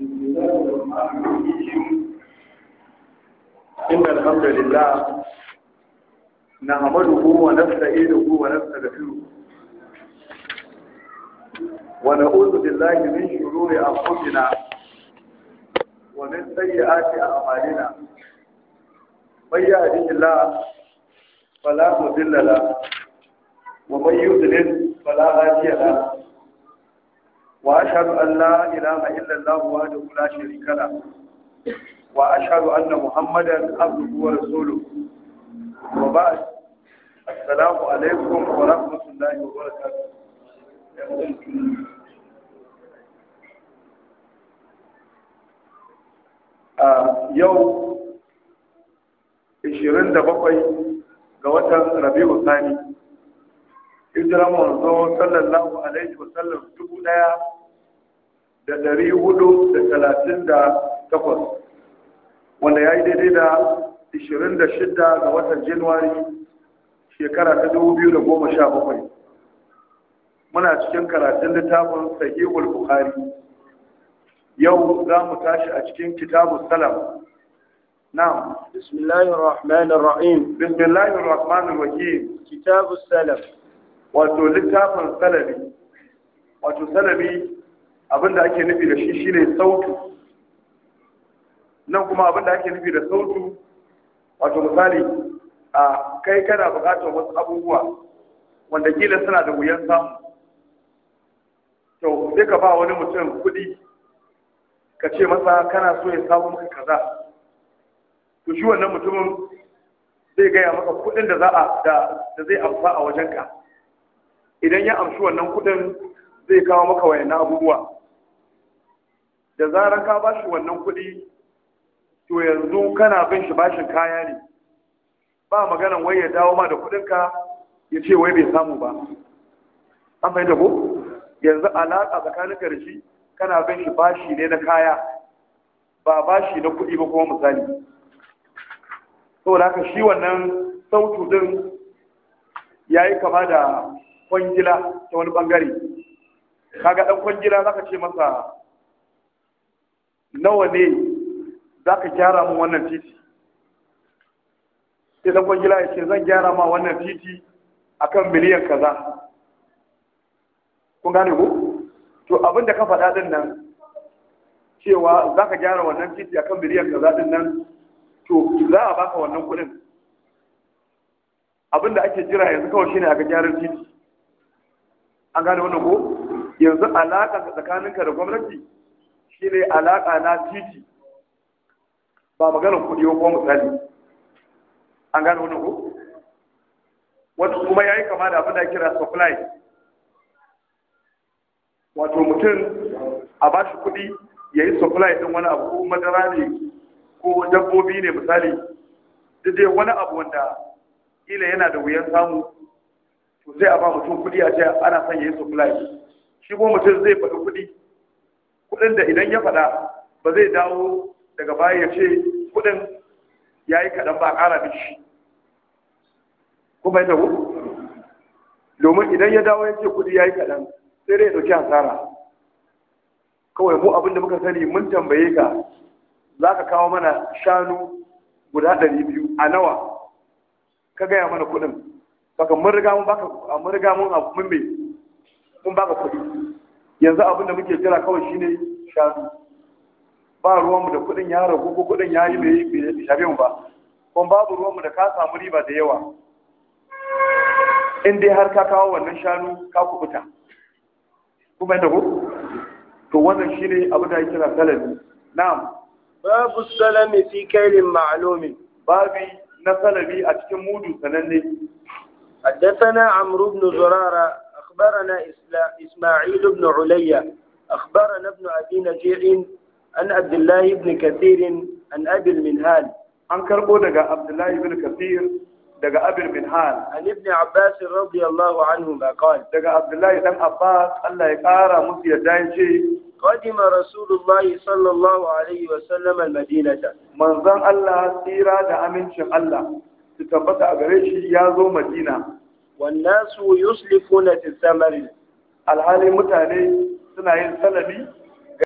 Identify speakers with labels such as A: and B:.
A: إن الحمد لله نعمله ونستعينه ونستغفره ونعوذ بالله من شرور أنفسنا ومن سيئات أعمالنا من يهده الله فلا مضل له ومن يضلل فلا هادي له وأشهد أن لا إله إلا الله وحده لا شريك له وأشهد أن محمدا عبده ورسوله وبعد السلام عليكم ورحمة الله وبركاته yau 27 ga watan rabi'u sani hijiran manzo sallallahu alaihi wasallam dubu daya da ɗari hudu da talatin da takwas wanda ya yi daidai da ishirin da shida ga watan januwari shekara ta dubu biyu da goma sha bakwai muna cikin karatun littafin sahihul bukhari yau za mu tashi a cikin kitabun salam نعم بسم الله الرحمن الرحيم بسم الله الرحمن الرحيم كتاب السلف وتو لتاف salami. abinda ake nufi da shi shine sautu nan kuma abinda ake nufi da sautu wato misali a kai kana bukatar wasu abubuwa wanda gila suna da wuyan samu to sai ka ba wani mutum kuɗi ka ce masa kana so ya samu maka kaza to shi wannan mutumin zai gaya maka kuɗin da za a da zai amsa a wajenka idan ya amshi wannan kuɗin zai kawo maka wayanna abubuwa da zarar ka ba shi wannan kuɗi to yanzu kana bin shi bashin kaya ne ba maganan wai ya dawo ma da kuɗinka ya ce wai bai samu ba an fahimta ko yanzu alaƙa ka da shi kana bin shi bashi ne na kaya ba bashi na kuɗi ba kuma misali saboda haka shi wannan sautu din ya yi kama da kwangila ta wani bangare kaga ɗan kwangila zaka ce masa nawa ne za ka gyara mu wannan titi sai dan kwangila ya ce zan gyara ma wannan titi akan miliyan kaza kun gane ku to abin da ka faɗa din nan cewa za ka gyara wannan titi akan miliyan kaza din nan to za a baka wannan kuɗin abin da ake jira yanzu kawai shine aka gyaran titi an gane wannan ko yanzu alaƙa tsakaninka da gwamnati Shi ne alaƙa na titi ba maganin kuɗi ko misali an gano wani ko wata kuma ya yi kama da abin da kira supply wato mutum a ba shi kuɗi ya yi supply ɗin wani abu ko madara ne ko dabbobi ne misali duk dai wani abu wanda ila yana da wuyan samu to sai a ba mutum kuɗi a ce ana son ya yi supply shi ko mutum zai faɗi kuɗi kuɗin da idan ya faɗa ba zai dawo daga baya ya ce kuɗin ya yi kaɗan ba kara ƙara da shi ko bai tabu domin idan ya dawo ya ce kuɗi ya yi kaɗan sai dai ya ɗauki hasara kawai mu abin da muka sani mun tambaye ka za ka kawo mana shanu guda ɗari biyu a nawa ka gaya mana kuɗin baka mun riga mun baka mun riga mun abu mun mun baka kuɗi yanzu abin da muke kira kawai shine shanu ba ruwanmu da kuɗin ya ragu ko kuɗin ya yi bai shafe mu ba kuma babu ruwanmu da ka samu riba da yawa in dai har ka kawo wannan shanu ka kubuta kuma yadda ku to wannan shine abin da ya kira salami na'am babu salami fi kairin ma'lumin babi na salami a cikin mudu sananne حدثنا عمرو بن زراره أخبرنا إسماعيل بن عليا أخبرنا ابن أبي نجيع عن عبد الله بن كثير عن أبي المنهال عن كربو دقى عبد الله بن كثير دقى أبي المنهال عن ابن عباس رضي الله عنهما قال دقى عبد الله بن عباس الله يقارى مسيا دايشي قدم رسول الله صلى الله عليه وسلم المدينة من ظن الله سيرا دعمين شخ الله تتبت أغريشي يازو مدينة wannan su yusufu na tisamari alhalin mutane suna yin salami